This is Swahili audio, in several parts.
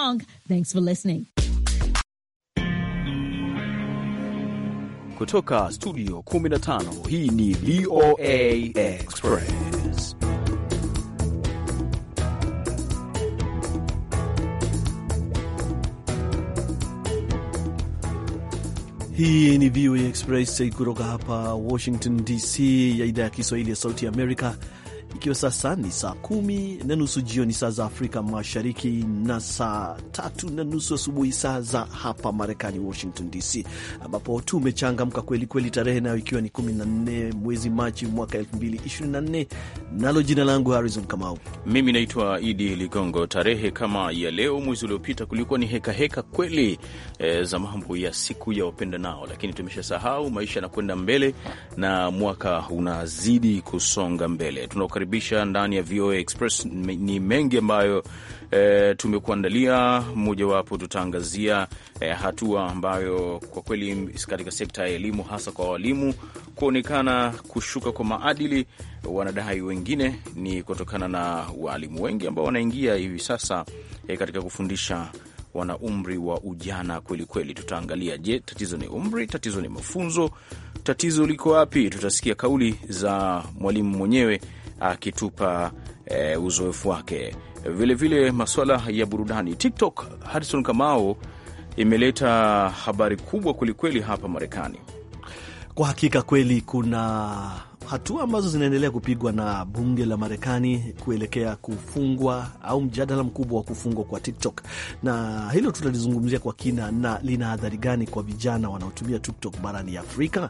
Strong. Thanks for listening. Kutoka studio 15 hii ni VOA Express. Hii ni VOA Express kutoka hapa Washington DC ya idhaa ya Kiswahili ya Sauti ya Amerika ikiwa sasa ni saa kumi na nusu jioni saa za Afrika Mashariki na saa tatu na nusu asubuhi saa za hapa Marekani, Washington DC, ambapo tumechangamka kweli kweli, tarehe nayo ikiwa ni 14 mwezi Machi mwaka 2024. Nalo jina langu Harrison Kamau, mimi naitwa Idi Ligongo. Tarehe kama ya leo mwezi uliopita kulikuwa ni hekaheka heka kweli, e, za mambo ya siku ya wapenda nao, lakini tumeshasahau, maisha yanakwenda mbele na mwaka unazidi kusonga mbele. Tunakukaribisha kukaribisha ndani ya VOA Express. Ni mengi ambayo e, tumekuandalia. Mmojawapo tutaangazia e, eh, hatua ambayo kwa kweli katika sekta ya elimu, hasa kwa walimu kuonekana kushuka kwa maadili. Wanadai wengine ni kutokana na walimu wengi ambao wanaingia hivi sasa e, katika kufundisha wana umri wa ujana kweli kweli. Tutaangalia, je, tatizo ni umri? Tatizo ni mafunzo? Tatizo liko wapi? Tutasikia kauli za mwalimu mwenyewe akitupa e, uzoefu wake vilevile, masuala ya burudani. TikTok, Harrison Kamau, imeleta habari kubwa kwelikweli hapa Marekani. Kwa hakika kweli kuna hatua ambazo zinaendelea kupigwa na bunge la Marekani kuelekea kufungwa au mjadala mkubwa wa kufungwa kwa TikTok, na hilo tutalizungumzia kwa kina, na lina adhari gani kwa vijana wanaotumia TikTok barani Afrika.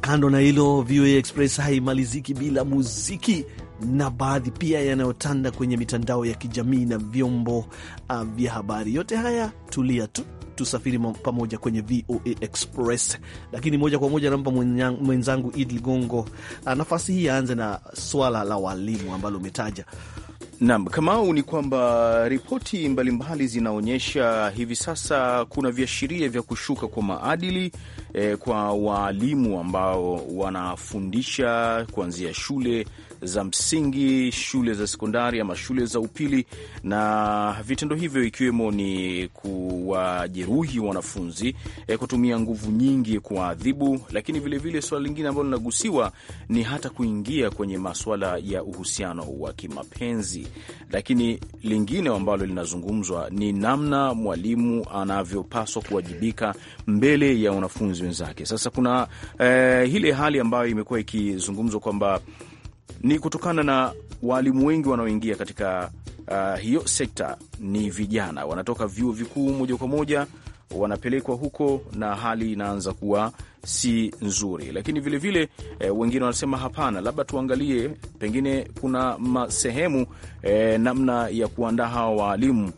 Kando na hilo, VOA Express haimaliziki bila muziki na baadhi pia yanayotanda kwenye mitandao ya kijamii na vyombo uh, vya habari. Yote haya tulia tu tusafiri pamoja kwenye VOA Express, lakini moja kwa moja nampa mwenzangu Id Ligongo uh, nafasi hii aanze na swala la walimu ambalo umetaja. Naam, Kamau, ni kwamba ripoti mbalimbali zinaonyesha hivi sasa kuna viashiria vya kushuka kwa maadili eh, kwa waalimu ambao wanafundisha kuanzia shule za msingi, shule za sekondari ama shule za upili, na vitendo hivyo ikiwemo ni kuwajeruhi wanafunzi, e, kutumia nguvu nyingi kuwaadhibu, lakini vilevile suala lingine ambalo linagusiwa ni hata kuingia kwenye maswala ya uhusiano wa kimapenzi. Lakini lingine ambalo linazungumzwa ni namna mwalimu anavyopaswa kuwajibika mbele ya wanafunzi wenzake. Sasa kuna eh, ile hali ambayo imekuwa ikizungumzwa kwamba ni kutokana na waalimu wengi wanaoingia katika uh, hiyo sekta ni vijana, wanatoka vyuo vikuu moja kwa moja wanapelekwa huko na hali inaanza kuwa si nzuri. Lakini vilevile vile, e, wengine wanasema hapana, labda tuangalie pengine kuna sehemu e, eh, namna ya kuandaa hawa waalimu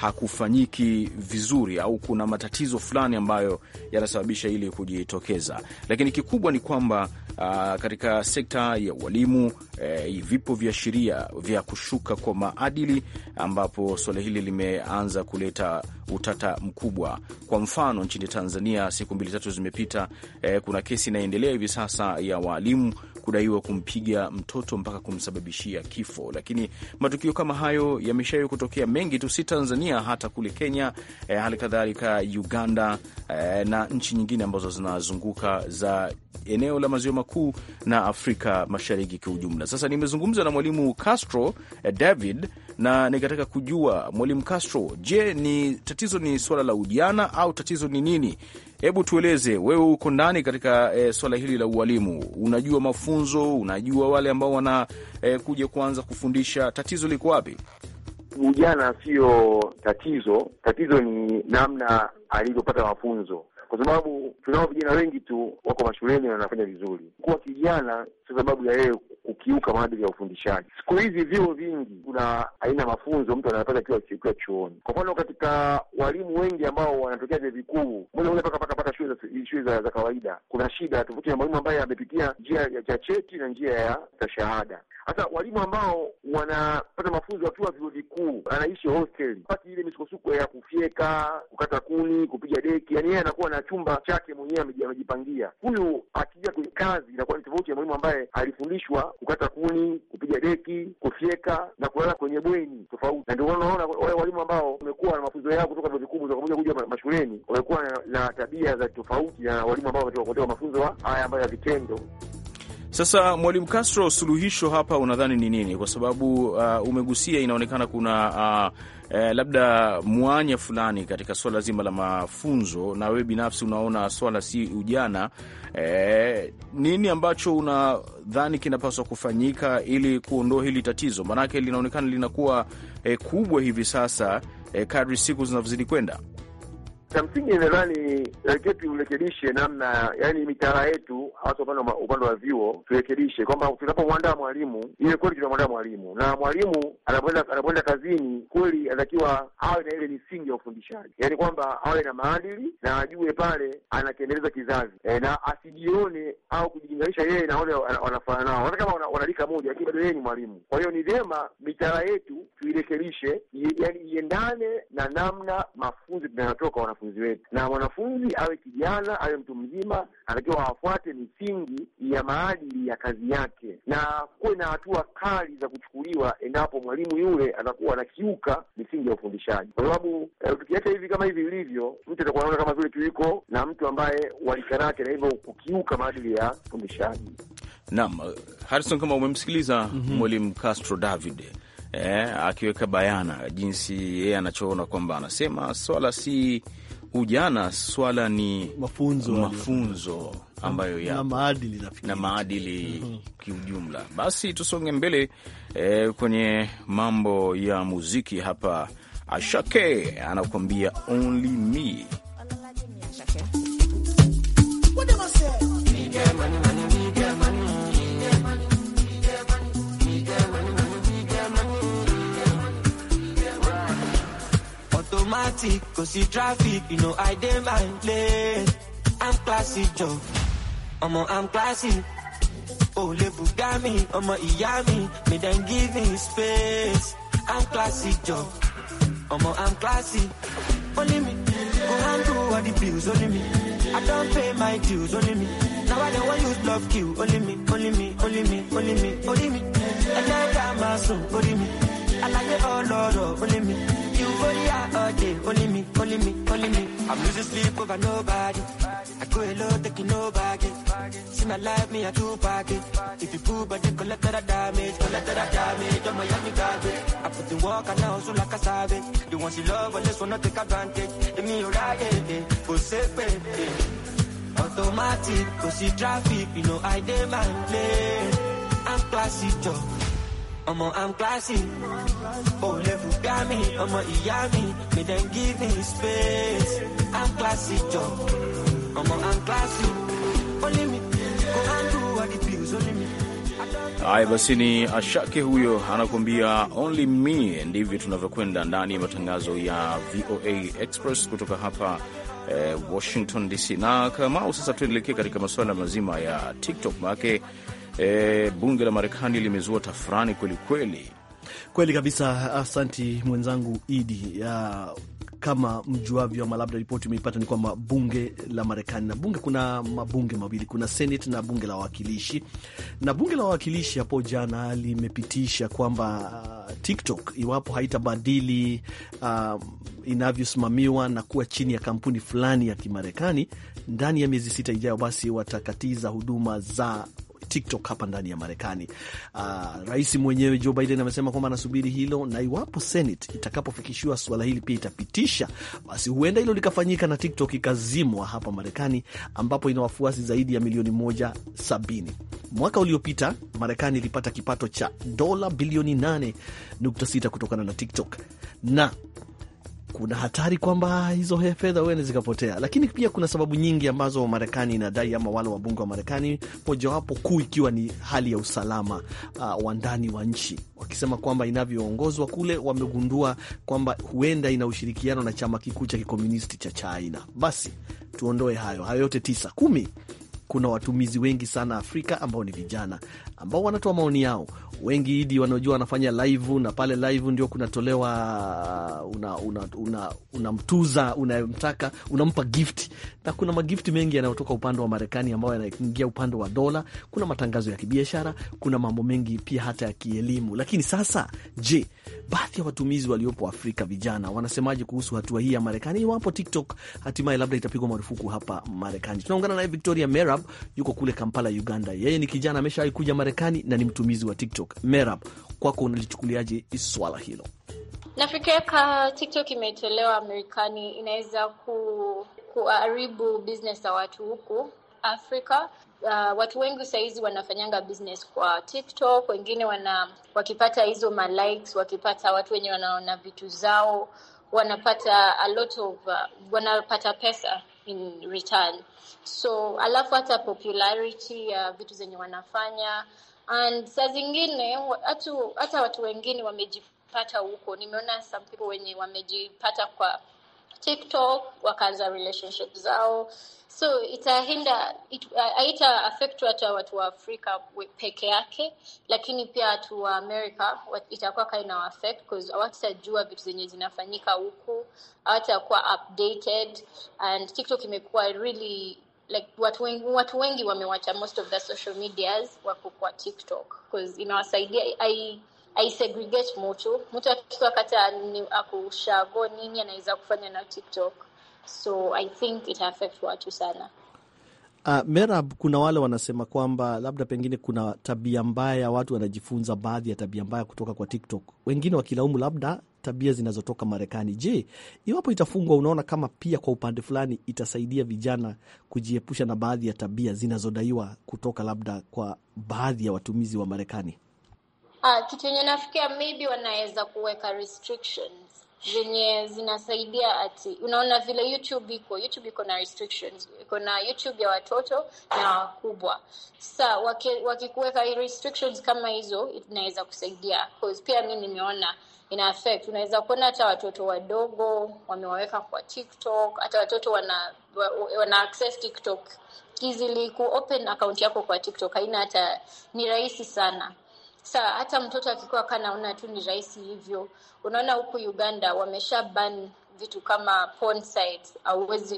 hakufanyiki vizuri au kuna matatizo fulani ambayo yanasababisha ili kujitokeza. Lakini kikubwa ni kwamba uh, katika sekta ya ualimu eh, vipo viashiria vya kushuka kwa maadili, ambapo suala hili limeanza kuleta utata mkubwa. Kwa mfano nchini Tanzania, siku mbili tatu zimepita, eh, kuna kesi inaendelea hivi sasa ya waalimu kudaiwa kumpiga mtoto mpaka kumsababishia kifo. Lakini matukio kama hayo yameshawahi kutokea mengi tu, si Tanzania, hata kule Kenya, eh, hali kadhalika Uganda, eh, na nchi nyingine ambazo zinazunguka za eneo la maziwa makuu na Afrika Mashariki kwa ujumla. Sasa nimezungumza na mwalimu Castro eh, David na nikataka kujua Mwalimu Castro, je, ni tatizo ni swala la ujana au tatizo ni nini? Hebu tueleze wewe, uko ndani katika e, swala hili la ualimu, unajua mafunzo, unajua wale ambao wanakuja eh, e, kuanza kufundisha, tatizo liko wapi? Ujana sio tatizo, tatizo ni namna alivyopata mafunzo kwa sababu tunao vijana wengi tu wako mashuleni na wanafanya vizuri. Kuwa kijana sio sababu ya yeye kukiuka maadili ya ufundishaji. Siku hizi vyuo vingi kuna aina mafunzo mtu anayapata kiwa chuoni. Kwa mfano, katika walimu wengi ambao wanatokea vyuo vikuu moja moja mpaka mpaka shule za shule za, za kawaida, kuna shida tofauti na mwalimu ambaye amepitia njia ya cheti na njia ya shahada hata walimu ambao wanapata mafunzo wakiwa vyuo vikuu, anaishi hostel, pati ile misukosuko ya kufyeka, kukata kuni, kupiga deki, yani yeye anakuwa na chumba chake mwenyewe amejipangia. Huyu akija kwenye kazi inakuwa ni tofauti ya mwalimu ambaye alifundishwa kukata kuni, kupiga deki, kufyeka na kulala kwenye bweni, tofauti na ndio unaona wale walimu ambao wamekuwa na mafunzo yao kutoka vyuo vikuu moja kwa moja kuja mashuleni wamekuwa na tabia za tofauti na walimu ambao wametoka kutoka mafunzo haya ambayo ya vitendo. Sasa Mwalimu Castro, suluhisho hapa unadhani ni nini? Kwa sababu uh, umegusia inaonekana kuna uh, eh, labda mwanya fulani katika swala zima la mafunzo, na wewe binafsi unaona swala si ujana. Eh, nini ambacho unadhani kinapaswa kufanyika ili kuondoa hili tatizo? Maanake linaonekana linakuwa eh, kubwa hivi sasa eh, kadri siku zinavyozidi kwenda. Cha msingi nadhani natakiwa eh, turekebishe namna, yani mitaala yetu, hasa upande wa vyuo turekebishe kwamba tunapomwandaa mwalimu ile kweli tunamwandaa mwalimu, na mwalimu anapoenda kazini kweli anatakiwa awe na ile misingi ya ufundishaji, yani kwamba awe na maadili na ajue pale anakiendeleza kizazi e, na asijione au kujilinganisha yeye na wale wanafanana nao, hata kama wanalika moja, lakini bado yeye ni mwalimu. Kwa hiyo ni vyema mitaala yetu tuirekebishe, yani iendane na namna mafunzo tunayotoka wanafunzi wetu, na mwanafunzi awe kijana awe mtu mzima, anatakiwa afuate misingi ya maadili ya kazi yake, na kuwe na hatua kali za kuchukuliwa endapo mwalimu yule atakuwa anakiuka misingi ya ufundishaji, kwa sababu tukiacha eh, hivi kama hivi ilivyo, mtu atakuwa anaona kama vile tuiko na mtu ambaye walikarake na hivyo kukiuka maadili ya ufundishaji. Naam, Harrison, kama umemsikiliza mhm. mwalimu mm -hmm. Castro David eh, akiweka bayana jinsi yeye anachoona kwamba anasema swala si ujana, swala ni mafunzo, mafunzo ambayo ya na maadili, na maadili mm -hmm. Kiujumla basi tusonge mbele eh, kwenye mambo ya muziki hapa. Ashake anakuambia only me romantic, go see traffic, you know I dem I'm I'm classy, Joe. I'm a, I'm classy. Oh, got me, I'm a Iyami, me then give me space. I'm classy, Joe. I'm a, I'm classy. Only me, go handle all the bills, only me. I don't pay my dues, only me. Now I don't want you love kill, only me, only me, only me, only me, only me. And I got my soul, only me. I like it all, Lord, oh, only me all day. Only me, only me, only me. I'm losing sleep over nobody. I go hello, taking no baggage. See my life, me, I do package. If you pull, but you collect that damage, collect that damage. Don't Miami garbage. I put the work and know so like a savage. The ones you love, but this one not take advantage. They me, you're right, Go safe, Automatic, cause see traffic, you know I demand play. I'm classy, I'm on I'm classy. Oh, level got me. I'm on got me. then give me space. I'm classy, Joe. on I'm classy. Only me. Go and do what it feels. Only me. Haya basi, ni Ashake huyo anakuambia only me. Ndivyo tunavyokwenda ndani ya matangazo ya VOA Express kutoka hapa eh, Washington DC. Na Kamau, sasa tuelekee katika masuala mazima ya TikTok make E, bunge la Marekani limezua tafurani kwelikweli. Kweli kabisa, asanti mwenzangu Idi ya kama mjuavyo ama labda ripoti umeipata ni kwamba bunge la Marekani na bunge, kuna mabunge mawili, kuna Senate na bunge la wawakilishi. Na bunge la wawakilishi hapo jana limepitisha kwamba uh, TikTok iwapo haitabadili uh, inavyosimamiwa na kuwa chini ya kampuni fulani ya Kimarekani ndani ya miezi sita ijayo, basi watakatiza huduma za TikTok hapa ndani ya Marekani. Uh, rais mwenyewe Joe Biden amesema kwamba anasubiri hilo, na iwapo Senate itakapofikishiwa suala hili pia itapitisha, basi huenda hilo likafanyika na TikTok ikazimwa hapa Marekani, ambapo ina wafuasi zaidi ya milioni moja sabini. Mwaka uliopita Marekani ilipata kipato cha dola bilioni 8.6 kutokana na TikTok na kuna hatari kwamba hizo fedha huenda zikapotea, lakini pia kuna sababu nyingi ambazo Marekani inadai ama wale wabunge wa Marekani, mojawapo kuu ikiwa ni hali ya usalama uh, wa ndani wa nchi, wakisema kwamba inavyoongozwa kule, wamegundua kwamba huenda ina ushirikiano na chama kikuu cha kikomunisti cha China. Basi tuondoe hayo hayo yote, tisa kumi kuna watumizi wengi sana Afrika ambao ni vijana ambao wanatoa maoni yao. Wengi idi wanajua wanafanya live, na pale live ndio kunatolewa, unamtuza una, una una unayemtaka unampa gift, na kuna magifti mengi yanayotoka upande wa Marekani ambayo yanaingia upande wa dola. Kuna matangazo ya kibiashara, kuna mambo mengi pia hata ya kielimu. Lakini sasa, je, baadhi ya watumizi waliopo Afrika vijana wanasemaje kuhusu hatua hii ya Marekani iwapo TikTok hatimaye labda itapigwa marufuku hapa Marekani? Tunaungana naye Victoria Merab, yuko kule Kampala, Uganda. Yeye ni kijana ameshawahi kuja Marekani Marekani na ni mtumizi wa TikTok. Merab, kwako unalichukuliaje swala hilo? Nafikiria ka TikTok imetolewa Marekani inaweza kuharibu business za watu huku Afrika. Uh, watu wengi sahizi wanafanyanga business kwa TikTok, wengine wana wakipata hizo ma wakipata watu wenye wanaona vitu zao wanapata a lot of uh, wanapata pesa in return. So alafu hata popularity ya uh, vitu zenye wanafanya and saa zingine hata watu wengine wamejipata huko. Nimeona some people wenye wamejipata kwa TikTok, wakaanza relationship zao, so itahinda it, haita uh, affect hata watu wa Afrika peke yake, lakini pia watu wa amerika itakuwa kaina affect because hawatajua vitu zenye zinafanyika huku, hawatakuwa updated and TikTok imekuwa really like watu wengi, watu wengi wamewacha most of the social medias wako kwa TikTok because inawasaidia ai aisegregate mutu mtu akiwa kata ni, akushago nini anaweza kufanya na TikTok, so I think it affect watu sana. Uh, Merab, kuna wale wanasema kwamba labda pengine kuna tabia mbaya, watu wanajifunza baadhi ya tabia mbaya kutoka kwa TikTok, wengine wakilaumu labda tabia zinazotoka Marekani. Je, iwapo itafungwa, unaona kama pia kwa upande fulani itasaidia vijana kujiepusha na baadhi ya tabia zinazodaiwa kutoka labda kwa baadhi ya watumizi wa Marekani? Ah, kitu yenye nafikia maybe wanaweza kuweka restrictions zenye zinasaidia ati unaona vile YouTube iko YouTube iko na restrictions, iko na YouTube ya watoto na wakubwa. Sasa wakikuweka waki restrictions kama hizo inaweza kusaidia, cause pia mi nimeona ina affect. Unaweza kuona hata watoto wadogo wamewaweka kwa TikTok, hata watoto wana wana access TikTok easily. Ku open account yako kwa TikTok haina hata, ni rahisi sana sasa hata mtoto akikuwa kanaona tu ni rahisi hivyo. Unaona huku Uganda wamesha ban vitu kama porn sites,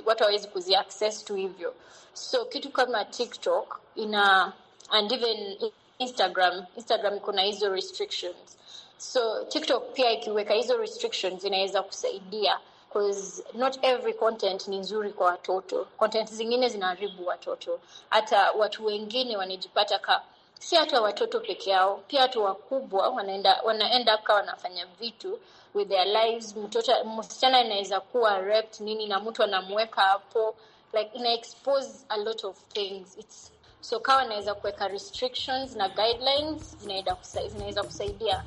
watu hawezi kuzi access tu hivyo, so kitu kama TikTok ina and even Instagram, Instagram kuna hizo restrictions, so TikTok pia ikiweka hizo restrictions inaweza kusaidia because not every content ni nzuri kwa watoto. Content zingine zinaharibu watoto, hata watu wengine wanajipata si hata watoto peke yao, pia watu wakubwa wanaenda wanaenda kaa wanafanya vitu with their lives. Mtoto msichana anaweza kuwa raped nini na mtu anamweka hapo, like ina expose a lot of things it's so kawa anaweza kuweka restrictions na guidelines zinaweza kusaidia.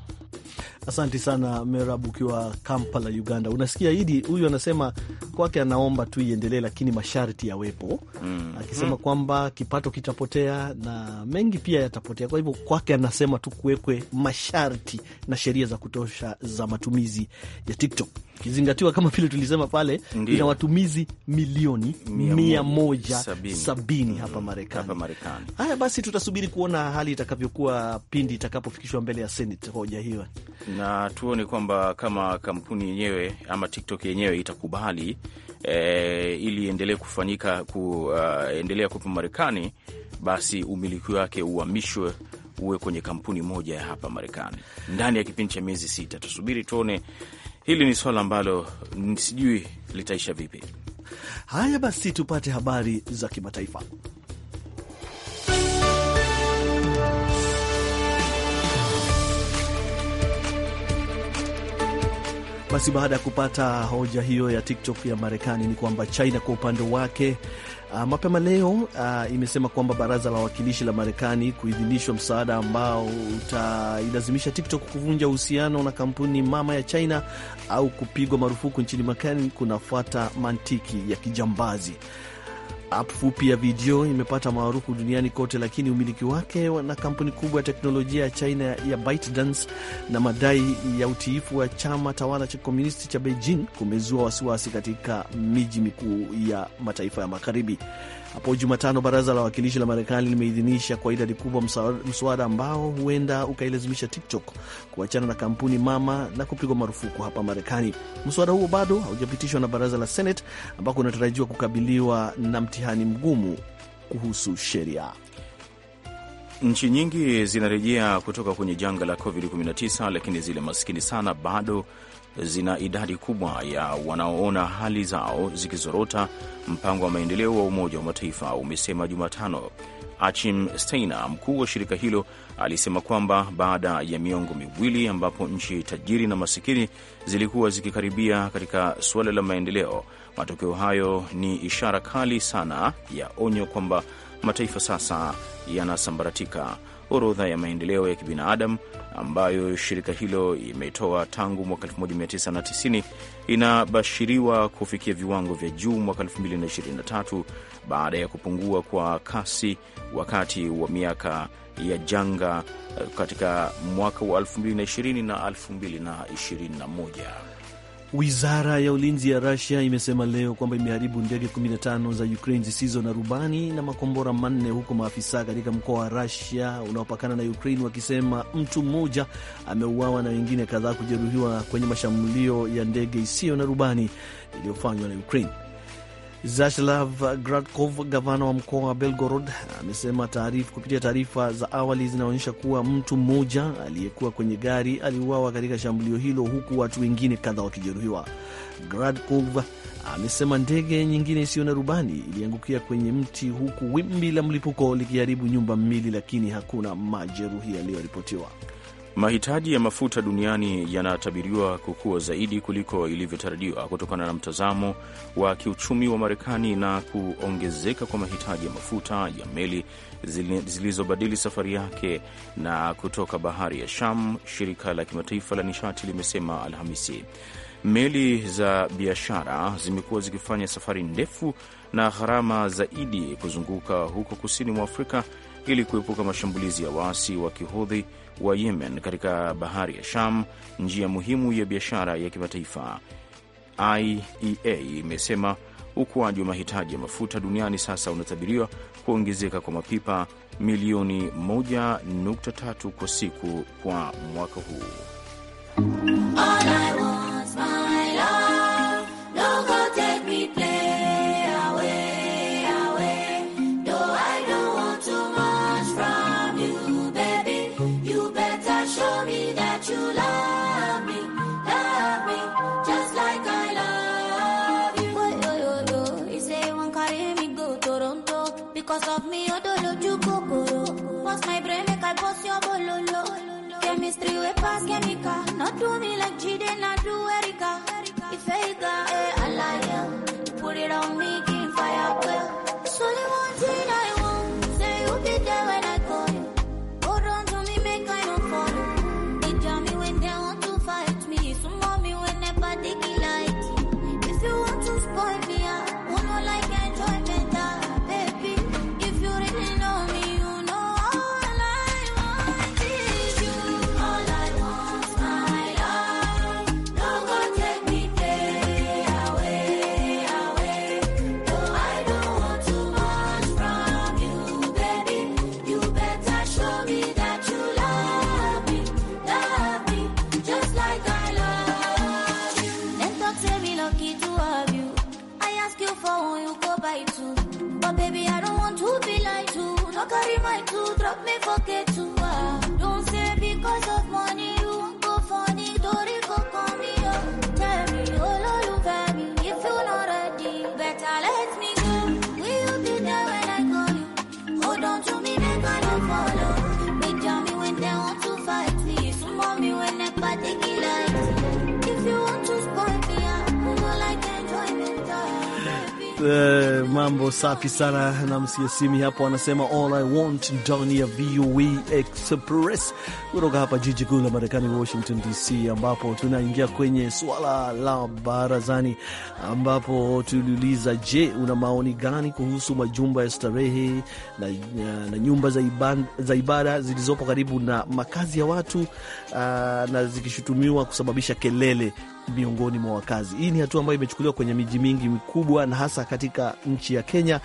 Asante sana Merab, ukiwa Kampala, Uganda. Unasikia Idi huyu anasema kwake anaomba tu iendelee, lakini masharti yawepo, mm. akisema mm. kwamba kipato kitapotea na mengi pia yatapotea. Kwa hivyo kwake anasema tu kuwekwe masharti na sheria za kutosha za matumizi ya TikTok ikizingatiwa kama vile tulisema pale Ndiyo. ina watumizi milioni mia moja sabini, sabini mm, hapa Marekani. Haya basi, tutasubiri kuona hali itakavyokuwa pindi itakapofikishwa mbele ya Senate hoja hiyo na tuone kwamba kama kampuni yenyewe ama TikTok yenyewe itakubali e, ili endelee kufanyika kuendelea eh, uh, kupa Marekani, basi umiliki wake uhamishwe uwe kwenye kampuni moja ya hapa Marekani ndani ya kipindi cha miezi sita. Tusubiri tuone. Hili ni swala ambalo sijui litaisha vipi. Haya basi, tupate habari za kimataifa. Basi baada ya kupata hoja hiyo ya TikTok ya Marekani, ni kwamba China kwa upande wake Uh, mapema leo uh, imesema kwamba baraza la wawakilishi la Marekani kuidhinishwa msaada ambao utailazimisha TikTok kuvunja uhusiano na kampuni mama ya China au kupigwa marufuku nchini Marekani kunafuata mantiki ya kijambazi. App fupi ya video imepata maarufu duniani kote, lakini umiliki wake na kampuni kubwa ya teknolojia ya China ya ByteDance na madai ya utiifu wa chama tawala cha komunisti cha Beijing kumezua wasiwasi katika miji mikuu ya mataifa ya Magharibi. Hapo Jumatano, baraza la wawakilishi la Marekani limeidhinisha kwa idadi kubwa mswada ambao huenda ukailazimisha TikTok kuachana na kampuni mama na kupigwa marufuku hapa Marekani. Mswada huo bado haujapitishwa na baraza la Senate ambako unatarajiwa kukabiliwa na mtihani mgumu kuhusu sheria. Nchi nyingi zinarejea kutoka kwenye janga la COVID-19, lakini zile maskini sana bado zina idadi kubwa ya wanaoona hali zao zikizorota, mpango wa maendeleo wa Umoja wa Mataifa umesema Jumatano. Achim Steiner, mkuu wa shirika hilo, alisema kwamba baada ya miongo miwili ambapo nchi tajiri na masikini zilikuwa zikikaribia katika suala la maendeleo, matokeo hayo ni ishara kali sana ya onyo kwamba mataifa sasa yanasambaratika orodha ya maendeleo ya kibinadamu ambayo shirika hilo imetoa tangu mwaka 1990 inabashiriwa kufikia viwango vya juu mwaka 2023 baada ya kupungua kwa kasi wakati wa miaka ya janga katika mwaka wa 2020 na 2021. Wizara ya ulinzi ya Rusia imesema leo kwamba imeharibu ndege 15 za Ukraine zisizo na rubani na makombora manne, huko maafisa katika mkoa wa Rusia unaopakana na Ukraine wakisema mtu mmoja ameuawa na wengine kadhaa kujeruhiwa kwenye mashambulio ya ndege isiyo na rubani iliyofanywa na Ukraine. Zashlav Gradkov, gavana wa mkoa wa Belgorod, amesema taarifa kupitia taarifa za awali zinaonyesha kuwa mtu mmoja aliyekuwa kwenye gari aliuawa katika shambulio hilo, huku watu wengine kadhaa wakijeruhiwa. Gradkov amesema ndege nyingine isiyo na rubani iliangukia kwenye mti, huku wimbi la mlipuko likiharibu nyumba mbili, lakini hakuna majeruhi yaliyoripotiwa. Mahitaji ya mafuta duniani yanatabiriwa kukua zaidi kuliko ilivyotarajiwa kutokana na mtazamo wa kiuchumi wa Marekani na kuongezeka kwa mahitaji ya mafuta ya meli zilizobadili safari yake na kutoka bahari ya Sham, shirika la kimataifa la nishati limesema Alhamisi. Meli za biashara zimekuwa zikifanya safari ndefu na gharama zaidi kuzunguka huko kusini mwa Afrika ili kuepuka mashambulizi ya waasi wa kihudhi wa Yemen katika bahari ya Sham, njia muhimu ya biashara ya kimataifa. IEA imesema ukuaji wa mahitaji ya mafuta duniani sasa unatabiriwa kuongezeka kwa mapipa milioni 1.3 kwa siku kwa mwaka huu. Cause of me, odoloju kokoro. Pass my brain, make I bust your bololo. Chemistry we pass chemical. Not do me like did not do Erika. If Erika, eh, I lie, you Put it on me, give fire, girl. 对。mambo safi sana na msiasimi hapo, anasema all I want ndani ya VOA e Express kutoka hapa jiji kuu la Marekani, Washington DC, ambapo tunaingia kwenye swala la barazani, ambapo tuliuliza, je, una maoni gani kuhusu majumba ya starehe na, na nyumba za, iban, za ibada zilizopo karibu na makazi ya watu uh, na zikishutumiwa kusababisha kelele miongoni mwa wakazi. Hii ni hatua ambayo imechukuliwa kwenye miji mingi mikubwa na hasa katika nchi nchi ya Kenya,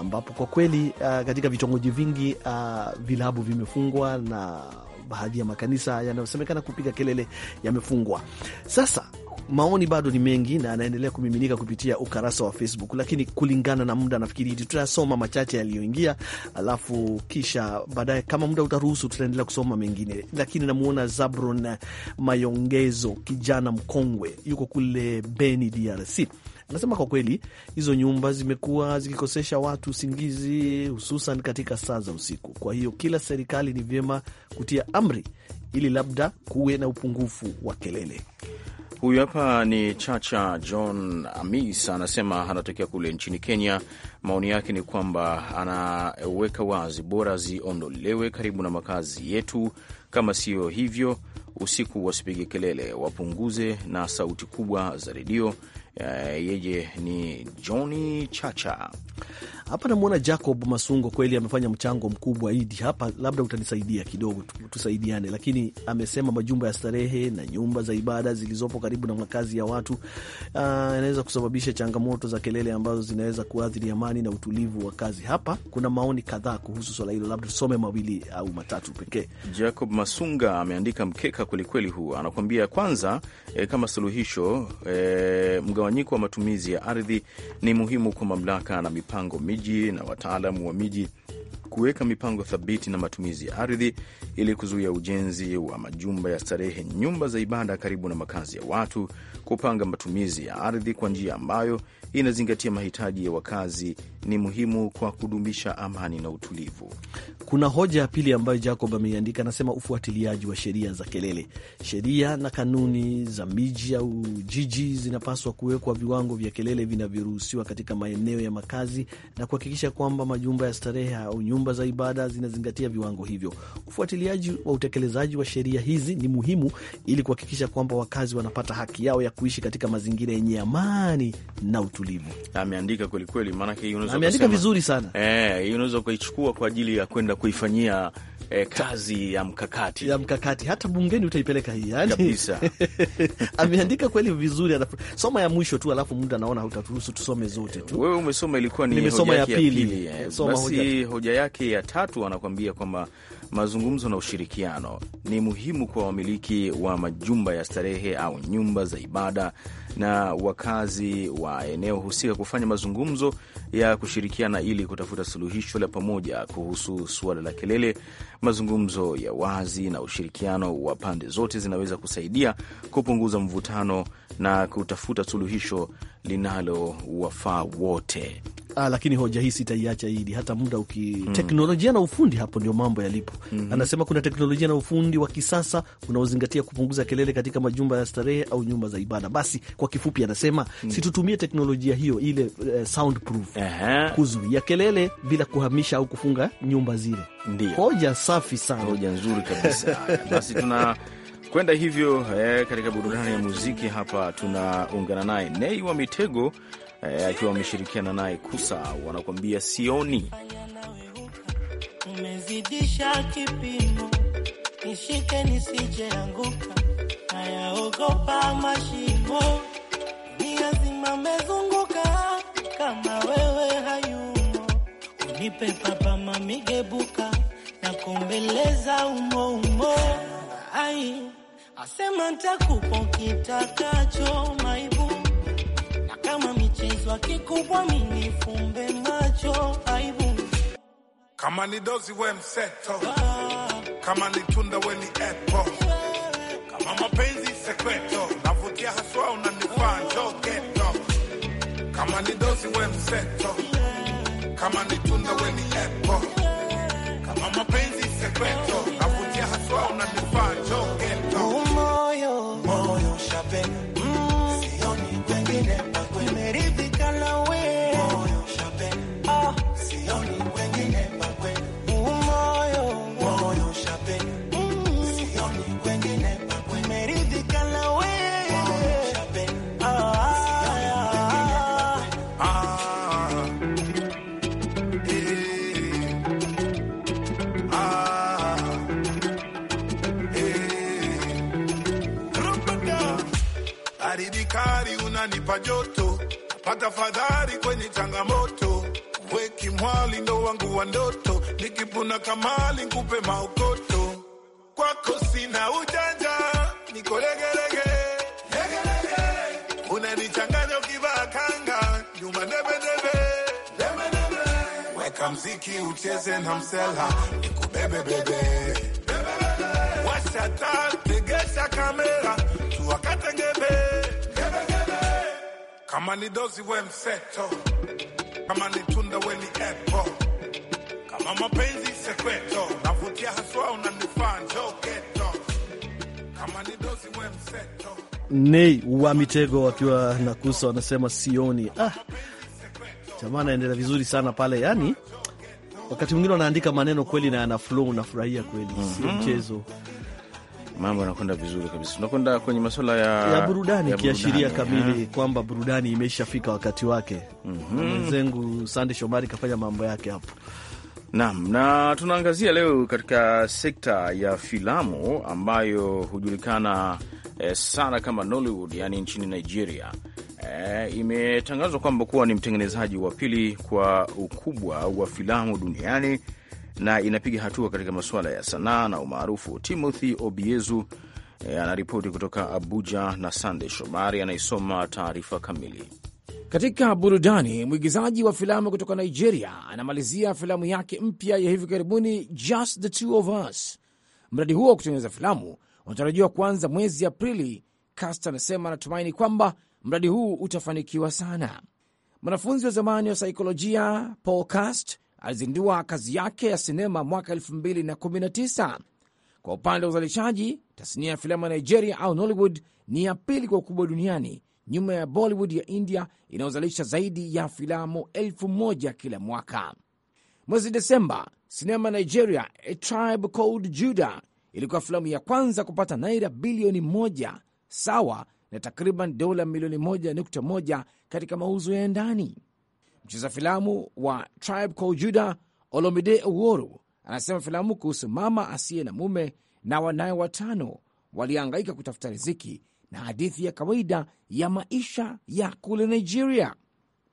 ambapo kwa kweli uh, katika vitongoji vingi uh, vilabu vimefungwa na baadhi ya makanisa yanayosemekana kupiga kelele yamefungwa. Sasa maoni bado ni mengi na anaendelea kumiminika kupitia ukarasa wa Facebook, lakini kulingana na muda, nafikiri tutasoma machache yaliyoingia, alafu kisha baadaye, kama muda utaruhusu, tutaendelea kusoma mengine. Lakini namwona Zabron Mayongezo, kijana mkongwe, yuko kule Beni, DRC. Anasema kwa kweli hizo nyumba zimekuwa zikikosesha watu usingizi, hususan katika saa za usiku. Kwa hiyo kila serikali ni vyema kutia amri ili labda kuwe na upungufu wa kelele. Huyu hapa ni Chacha John Amis, anasema anatokea kule nchini Kenya. Maoni yake ni kwamba anaweka wazi, bora ziondolewe karibu na makazi yetu, kama siyo hivyo usiku wasipige kelele, wapunguze na sauti kubwa za redio Eh, yeye ni Johnny Chacha. Hapa namwona Jacob Masungo, kweli amefanya mchango mkubwa Idi. Hapa labda utanisaidia kidogo, tusaidiane, lakini amesema majumba ya starehe na nyumba za ibada zilizopo karibu na makazi ya watu ah, yanaweza uh, kusababisha changamoto za kelele ambazo zinaweza kuathiri amani na utulivu wa kazi. Hapa kuna maoni kadhaa kuhusu swala hilo, labda tusome mawili au matatu pekee. Jacob Masunga ameandika mkeka kwelikweli huu, anakuambia kwanza, e, kama suluhisho e, mgawanyiko wa matumizi ya ardhi ni muhimu kwa mamlaka na mipango Mi miji na wataalamu wa miji kuweka mipango thabiti na matumizi ya ardhi ili kuzuia ujenzi wa majumba ya starehe, nyumba za ibada karibu na makazi ya watu, kupanga matumizi ya ardhi kwa njia ambayo inazingatia mahitaji ya wakazi ni muhimu kwa kudumisha amani na utulivu. Kuna hoja ya pili ambayo Jacob ameiandika, anasema ufuatiliaji wa sheria za kelele. Sheria na kanuni za miji au jiji zinapaswa kuwekwa viwango vya kelele vinavyoruhusiwa katika maeneo ya makazi na kuhakikisha kwamba majumba ya starehe au nyumba nyumba za ibada zinazingatia viwango hivyo. Ufuatiliaji wa utekelezaji wa sheria hizi ni muhimu ili kuhakikisha kwamba wakazi wanapata haki yao ya kuishi katika mazingira yenye amani na utulivu. Ameandika kwelikweli, maanake ameandika vizuri sana. Hii eh, e, unaweza ukaichukua kwa ajili ya kwenda kuifanyia E, kazi ya mkakati ya mkakati, hata bungeni utaipeleka hii yani. Kabisa ameandika kweli vizuri. Soma ya mwisho tu, alafu muda naona hautaturuhusu tusome zote tu. Wewe umesoma ilikuwa ni nimesoma ya pili, ya pili. Eh, soma basi hoja, hoja yake yake ya tatu anakuambia kwamba mazungumzo na ushirikiano ni muhimu kwa wamiliki wa majumba ya starehe au nyumba za ibada na wakazi wa eneo husika kufanya mazungumzo ya kushirikiana ili kutafuta suluhisho la pamoja kuhusu suala la kelele. Mazungumzo ya wazi na ushirikiano wa pande zote zinaweza kusaidia kupunguza mvutano na kutafuta suluhisho linalowafaa wote. Ah, lakini hoja hii sitaiacha hili hata muda uki mm. teknolojia na ufundi, hapo ndio mambo yalipo mm Anasema kuna teknolojia na ufundi wa kisasa unaozingatia kupunguza kelele katika majumba ya starehe au nyumba za ibada. Basi kwa kifupi, anasema mm. situtumie teknolojia hiyo ile uh, soundproof uh -huh. kuzuia kelele bila kuhamisha au kufunga nyumba zile. Ndio hoja safi sana, hoja nzuri kabisa. Basi tuna kwenda hivyo eh, katika burudani ya muziki hapa tunaungana naye Nei wa Mitego eh, akiwa wameshirikiana naye Kusa, wanakuambia sioni umezidisha kipimo, nishike nisije anguka, nayaogopa mashimo, dunia zima mezunguka, kama wewe hayumo, unipe papa mamigebuka na kuombeleza umoumo ai asema ntakupo kitakacho mai Kichwa kikubwa nifumbe macho aibu. Kama ni dozi we mseto, kama ni tunda we ni epo, kama mapenzi sekweto, navutia haswa unanifaa njoketo. Kama ni dozi we mseto, kama ni tunda we ni epo, kama mapenzi sekweto, navutia haswa unanifaa njoketo. Moyo, moyo shapeni sukari unanipa joto, pata fadhari kwenye changamoto, weki mwali ndo wangu wa ndoto, nikipuna kamali nkupe maokoto, kwako sina ujanja, niko legelege, unanichanganya ukivaa kanga nyuma debedebe, weka mziki ucheze na msela, nikubebe bebe washa tegesha kamera tuwakate ngebe kama ni dozi we mseto, kama ni tunda we ni epo, kama mapenzi sekweto, navutia haswa unanifaa njoketo, kama ni dozi we mseto. Nei wa Mitego wakiwa na kusa wanasema sioni. Ah, jamaa anaendelea vizuri sana pale, yani wakati mwingine wanaandika maneno kweli na yana flow, unafurahia kweli, sio mhm. mchezo mm -hmm mambo yanakwenda vizuri kabisa. Tunakwenda kwenye masuala ya, ya burudani, kiashiria kamili kwamba burudani imeshafika wakati wake. Mhm. Mwenzangu mm -hmm. Sande Shomari kafanya mambo yake hapo. Naam, na tunaangazia leo katika sekta ya filamu ambayo hujulikana eh, sana kama Nollywood, yani nchini Nigeria. Eh, imetangazwa kwamba kuwa ni mtengenezaji wa pili kwa ukubwa wa filamu duniani na inapiga hatua katika masuala ya sanaa na umaarufu. Timothy Obiezu eh, anaripoti kutoka Abuja na Sandey Shomari anayesoma taarifa kamili. Katika burudani, mwigizaji wa filamu kutoka Nigeria anamalizia filamu yake mpya ya hivi karibuni Just the Two of Us. Mradi huo wa kutengeneza filamu unatarajiwa kuanza mwezi Aprili. Cast anasema anatumaini kwamba mradi huu utafanikiwa sana. Mwanafunzi wa zamani wa saikolojia Paul Cast alizindua kazi yake ya sinema mwaka 2019. Kwa upande wa uzalishaji, tasnia ya filamu ya Nigeria au Nollywood ni ya pili kwa ukubwa duniani nyuma ya Bollywood ya India inayozalisha zaidi ya filamu elfu moja kila mwaka. Mwezi Desemba, sinema Nigeria A Tribe Called Judah ilikuwa filamu ya kwanza kupata naira bilioni moja sawa na takriban dola milioni moja nukta moja katika mauzo ya ndani. Mcheza filamu wa Tribe Called Judah Olomide Oworu anasema filamu kuhusu mama asiye na mume na wanaye watano waliangaika kutafuta riziki na hadithi ya kawaida ya maisha ya kule Nigeria.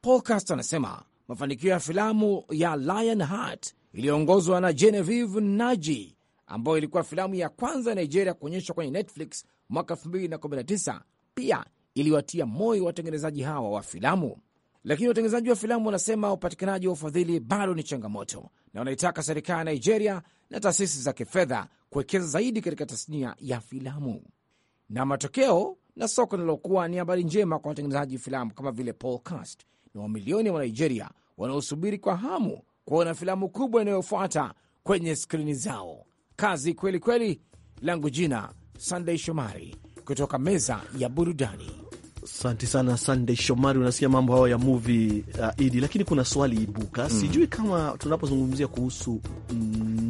Podcast anasema mafanikio ya filamu ya Lion Heart iliyoongozwa na Genevieve Naji, ambayo ilikuwa filamu ya kwanza ya Nigeria kuonyeshwa kwenye Netflix mwaka 2019 pia iliwatia moyo watengenezaji hawa wa filamu lakini watengenezaji wa filamu wanasema upatikanaji wa ufadhili bado ni changamoto, na wanaitaka serikali ya Nigeria na taasisi za kifedha kuwekeza zaidi katika tasnia ya filamu. Na matokeo na soko linalokuwa ni habari njema kwa watengenezaji filamu kama vile Paul Cast na mamilioni wa Nigeria wanaosubiri kwa hamu kuona filamu kubwa inayofuata kwenye skrini zao. Kazi kweli kweli. Langu jina Sunday Shomari kutoka meza ya burudani. Asante sana Sunday Shomari, unasikia mambo hayo ya movie uh, Idi, lakini kuna swali ibuka, mm. sijui kama tunapozungumzia kuhusu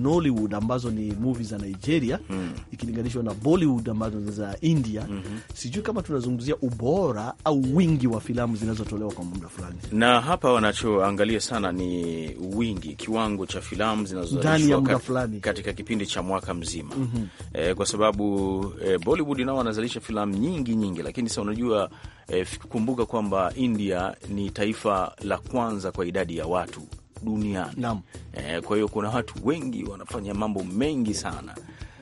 Nollywood ambazo ni mvi za Nigeria mm. ikilinganishwa na Bollywood ambazo ni za India mm -hmm. sijui kama tunazungumzia ubora au wingi wa filamu zinazotolewa kwa muda fulani, na hapa wanachoangalia sana ni wingi, kiwango cha filamu zinazozalishwa katika kipindi cha mwaka mzima mm -hmm. eh, kwa sababu eh, Bollywood nao wanazalisha filamu nyingi nyingi, lakini sa unajua E, eh, kumbuka kwamba India ni taifa la kwanza kwa idadi ya watu duniani e, kwa hiyo kuna watu wengi wanafanya mambo mengi sana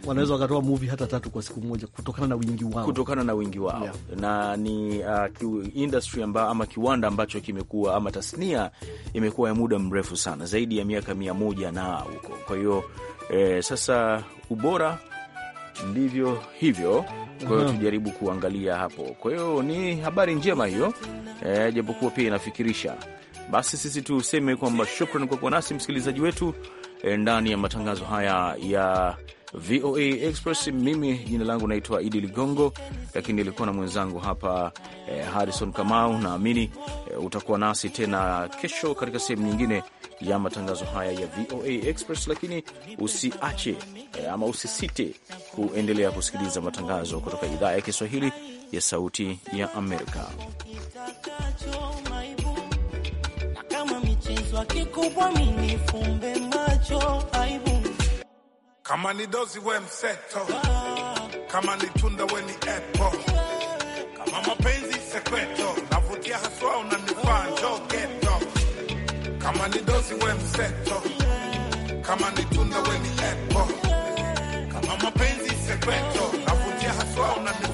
wanaweza wakatoa muvi hata tatu kwa siku moja kutokana na wingi wao, kutokana na wingi wao yeah. Na ni uh, industry amba, ama kiwanda ambacho kimekuwa ama tasnia imekuwa ya muda mrefu sana zaidi ya miaka mia moja na huko. Kwa hiyo eh, sasa ubora ndivyo hivyo kwa hiyo tujaribu kuangalia hapo. Kwa hiyo ni habari njema hiyo e, japokuwa pia inafikirisha. Basi sisi tuseme kwamba shukran kwa kuwa nasi msikilizaji wetu e, ndani ya matangazo haya ya VOA Express. Mimi jina langu naitwa Idi Ligongo, lakini nilikuwa na mwenzangu hapa eh, Harrison Kamau. Naamini eh, utakuwa nasi tena kesho katika sehemu nyingine ya matangazo haya ya VOA Express, lakini usiache eh, ama usisite kuendelea kusikiliza matangazo kutoka idhaa ya Kiswahili ya Sauti ya Amerika. Kama michezo kikubwa, mimi fumbe macho aibu kama ni dozi we mseto, kama ni tunda we ni epo, kama mapenzi sekweto, navutia haswa unanifaa njo geto. Kama ni dozi we mseto, kama ni tunda we ni epo, kama mapenzi sekweto, navutia haswa unanifaa